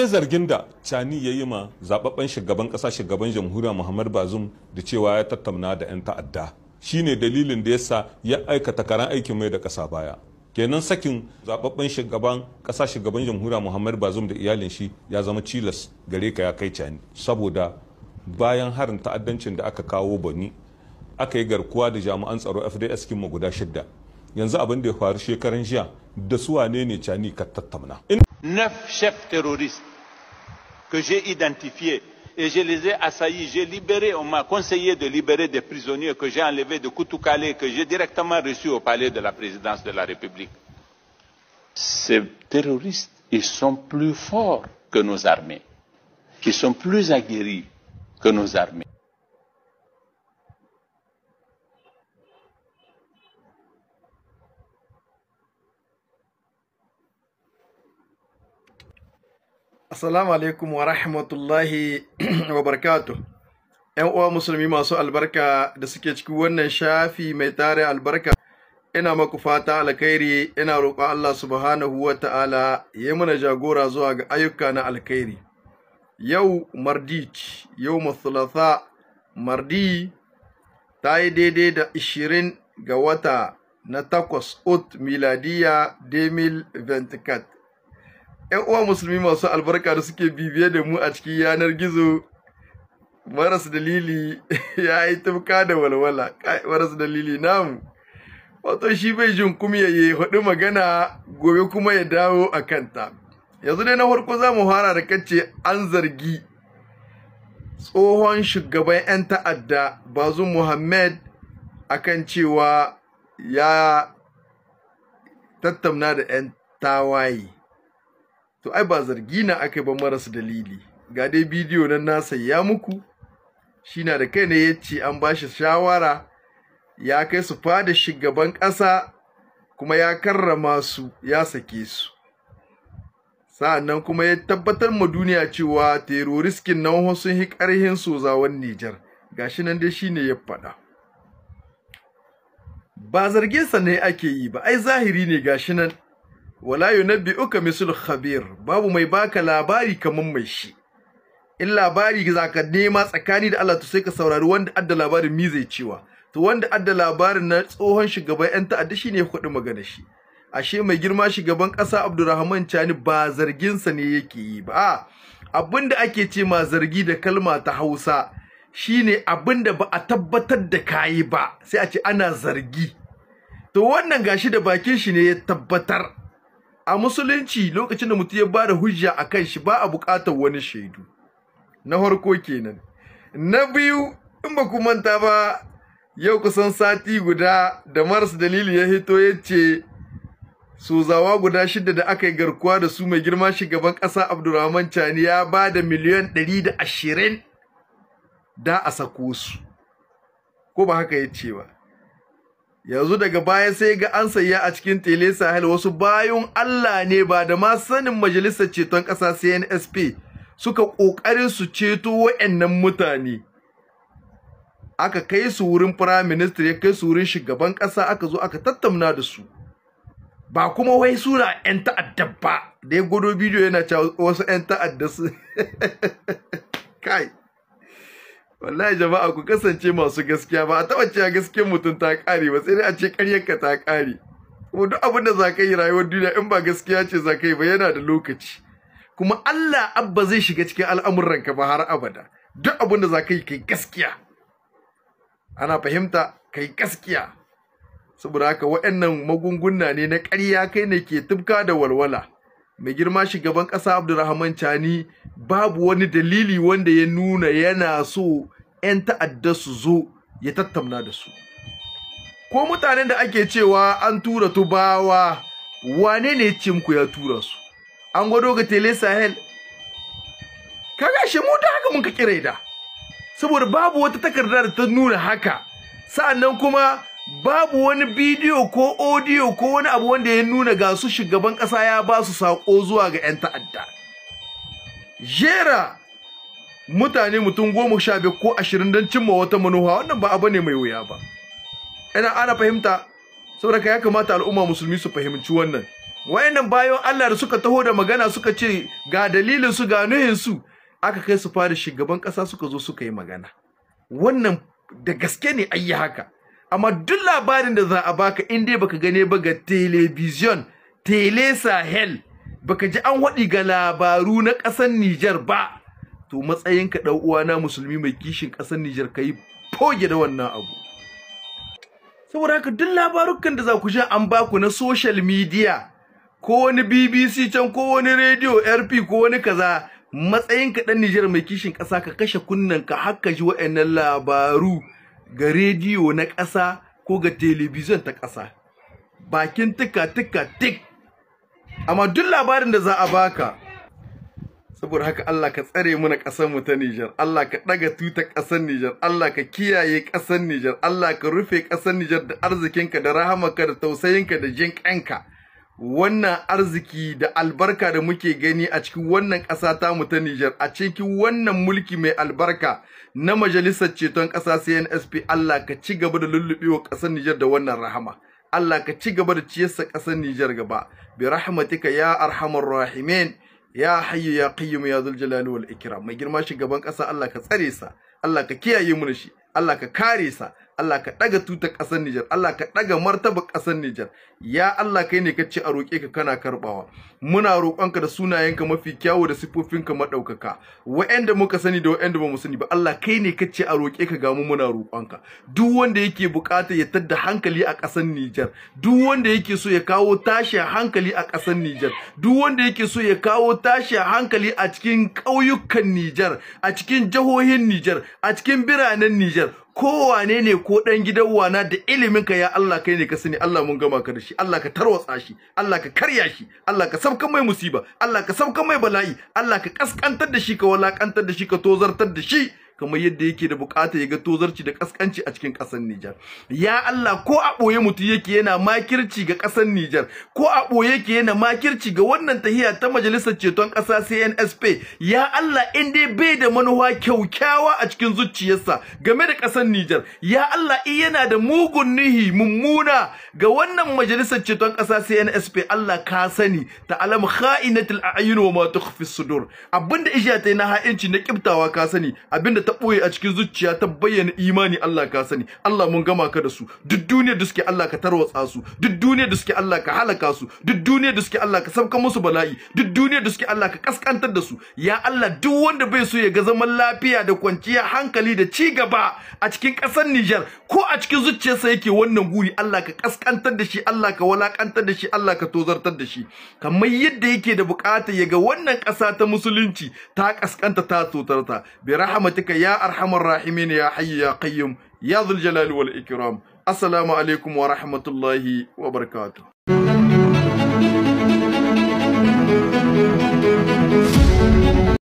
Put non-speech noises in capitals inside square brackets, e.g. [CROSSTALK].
dai zargin da cani ya yi ma zababben shugaban kasa shugaban jamhuriya muhammad bazum da cewa ya tattauna da 'yan ta'adda shi ne dalilin da yasa ya aikata karan aikin mai da kasa baya kenan sakin zababben shugaban kasa shugaban jamhuriya muhammad bazum da iyalin shi ya zama cilas gare ka ya kai cani saboda bayan harin ta'addancin da aka kawo bani aka yi garkuwa da jami'an tsaro fds kinmu guda shidda yanzu abin da ya faru shekaran jiya da su wane ne cani ka tattauna. Neuf chefs que j'ai identifiés et je les ai assaillis, j'ai libéré, on m'a conseillé de libérer des prisonniers que j'ai enlevés de Koutoukale, que j'ai directement reçus au palais de la présidence de la République. Ces terroristes, ils sont plus forts que nos armées. Ils sont plus aguerris que nos armées. Assalamu alaikum wa rahmatullahi [CLEARS THROAT] wa barkatu. ‘Yan uwa musulmi masu albarka da suke cikin wannan shafi mai tare albarka, ina maku fata alkhairi ina roƙon Allah subhanahu wa ta'ala ya mana jagora zuwa ga ayyuka na alkhairi. Yau Mardit, yau Mathulatha, Mardi ta yi daidai da ishirin ga wata na takwas ut Miladiya Demil Ventikat. 'yan uwa musulmi masu albarka da suke bibiye da mu a cikin yanar gizo maras dalili [LAUGHS] ya yi tafka da walwala maras dalili namu wato shi bai jin kumya ya haɗu magana gobe kuma ya dawo a kanta yanzu dai na farko za mu fara da kace an zargi tsohon shugaban 'yan ta'adda bazu muhammad akan cewa ya tattauna da 'yan tawaye to ai ba zargi na aka ba maras dalili ga dai bidiyo nan na ya muku shi na da kai ne ya ce an bashi shawara ya kai su fada shugaban ƙasa kuma ya karrama su ya sake su sa'annan kuma ya tabbatar ma duniya cewa teroriskin nan sun hi ƙarhin sozawan Nijar gashi nan dai ne ya faɗa ba zarginsa ne ake yi ba ai zahiri ne gashi nan wala ka mislu khabir babu mai baka labari kamar mai shi in labari zaka nema tsakani da Allah to sai ka saurari wanda adda labarin mi zai cewa to wanda adda labarin na tsohon shugaban yan ta'adda shine ya kuɗi magana shi ashe mai girma shugaban ƙasa Abdurrahman Cani ba zarginsa ne yake yi ba abinda ake ce ma zargi da kalma ta Hausa shine da ba a tabbatar da kayi ba sai a ce ana zargi to wannan gashi da bakin shi ne ya tabbatar a musulunci lokacin da mutum ya ba da hujja a kan shi ba a buƙatar wani shaidu na harko kenan na biyu in ba ku manta ba yau kusan sati guda da maras dalili ya hito ya ce su guda shida da aka yi garkuwa da su mai girma shugaban ƙasa abdurrahman cani ya ba da miliyan ɗari da ashirin da a sako su ko ba haka ya ce ba yanzu daga baya sai ga an saya a cikin tele sahel wasu bayan Allah ne ba da ma sanin majalisar ceton ƙasa CNSP suka ƙoƙarin su ceto wa'annan mutane aka kai su wurin Firayim minister ya kai su wurin shugaban ƙasa aka zo aka tattauna da su ba kuma wai suna 'yan ta'adda ba da ya gudu bidiyo yana cewa wasu 'yan ta'adda su [LAUGHS] kai wallahi jama'a ku kasance masu gaskiya ba a taɓa cewa gaskiyar mutum ta ƙare ba sai dai a ce ƙaryarka ta ƙare kuma duk abin da za ka yi rayuwar duniya in ba gaskiya ce za ka yi ba yana da lokaci kuma Allah abba zai shiga cikin ka ba har abada duk abin da za ka yi kai gaskiya ana fahimta kai gaskiya saboda haka waɗannan magunguna ne na ƙarya kai ne ke tufka da walwala mai girma shugaban ƙasa abdurrahman cani babu wani dalili wanda ya nuna yana so 'yan ta'adda su zo ya tattauna da su ko mutanen da ake cewa an tura tubawa wane ne cinku ya tura su an gwado ga tele sahel kaga shi mu da haka mun ka kira da saboda babu wata takarda da ta nuna haka sa'annan kuma babu wani bidiyo ko audio ko wani abu wanda ya nuna ga su shugaban ƙasa ya ba su saƙo zuwa ga 'yan ta'adda jera mutane mutum goma sha biyu ko ashirin don cimma wata manuwa wannan ba abu ne mai wuya ba ina ana fahimta saboda ya kamata al'umma musulmi su fahimci wannan wayannan bayan Allah da suka taho da magana suka ce ga dalilin su ga nuhin aka kai su fara shugaban ƙasa suka zo suka yi magana wannan da gaske ne ayi haka amma duk labarin da za a baka in dai baka gane ba ga television tele sahel baka ji an waɗi ga labaru na ƙasar Nijar ba to matsayinka ɗan uwana musulmi mai kishin ƙasar Nijar ka yi foge da wannan abu saboda haka duk labarukan da za ku sha an baku na social media ko wani BBC can ko wani radio RP ko wani kaza matsayinka ɗan Nijar mai kishin ƙasa ka kashe kunnen ka haka ji waɗannan labaru ga rediyo na ƙasa ko ga telebijin ta ƙasa bakin tuka-tuka tik amma duk labarin da za a baka saboda haka Allah ka tsare mana ƙasar mu ta Nijar, Allah ka ɗaga tutar ƙasar Nijar, Allah ka kiyaye ƙasar Nijar, Allah ka rufe ƙasar Nijar da arzikinka da rahamarka da tausayinka da jinƙanka wannan arziki da albarka da muke gani a cikin wannan ƙasa ta ta Nijar a cikin wannan mulki mai albarka na majalisar ceton ƙasa CNSP Allah ka ci gaba da lullubewa ƙasar Nijar da wannan rahama Allah ka ci gaba da ciyarsa ƙasar Nijar gaba bi rahmatika ya arhamar rahimin ya hayyu ya qayyum ya zul jalali wal ikram mai girma shugaban ƙasa Allah ka tsare sa Allah ka kiyaye mu shi Allah ka kare sa Allah ka ɗaga tuta ƙasar Nijar Allah ka ɗaga martaba ƙasar Nijar ya Allah kai ne ka ce a roƙe ka kana karɓawa muna roƙonka da sunayenka mafi kyawu da siffofinka maɗaukaka wa'anda muka sani da waɗanda ba sani ba Allah kai ne ka ce a roƙe ka gamu muna roƙonka duk wanda yake buƙata ya tadda hankali a ƙasar Nijar duk wanda yake so ya kawo tashin hankali a ƙasar Nijar duk wanda yake so ya kawo tashin hankali a cikin ƙauyukan Nijar a cikin jihohin Nijar a cikin biranen Nijar kowane ne ko ɗan gidan wana da ilimin ka ya Allah kai ne ka sani Allah mun gama ka da shi Allah ka tarwatsa shi Allah ka karya shi Allah ka sabkan mai musiba Allah ka sabkan mai bala'i Allah ka kaskantar da shi ka walakantar da shi ka tozartar da shi kamar yadda yake da bukata ya ga tozarci da kaskanci a cikin kasar Nijar ya Allah ko a boye mutu yake yana makirci ga kasar Nijar ko a boye yake yana makirci ga wannan tahiya ta majalisar ceton kasa CNSP ya Allah in dai bai da manuwa kyaukyawa a cikin zuciyarsa game da kasar Nijar ya Allah in yana da mugun nihi mummuna ga wannan majalisar ceton kasa CNSP Allah ka sani ta alam kha'inatul a'yun wa ma tukhfi sudur abinda isha ta na ha'inci na kiftawa ka sani abinda ta ɓoye a cikin zuciya ta bayyana imani Allah ka sani Allah mun gama ka da su duk duniyar da suke Allah ka tarwatsa su duk duniyar da suke Allah ka halaka su duk duniyar da suke Allah ka sabka musu bala'i duk duniyar da suke Allah ka kaskantar da su ya Allah duk wanda bai so ya ga zaman lafiya da kwanciya hankali da ci gaba a cikin ƙasar nijar ko a cikin zuciyarsa yake wannan guri Allah ka kaskantar da shi Allah ka walakantar da shi Allah ka tozartar da shi kamar yadda yake da bukata ya ga wannan ƙasa ta musulunci ta kaskanta ta tsotarta bi rahmatika يا أرحم الراحمين يا حي يا قيوم يا ذو الجلال والإكرام السلام عليكم ورحمة الله وبركاته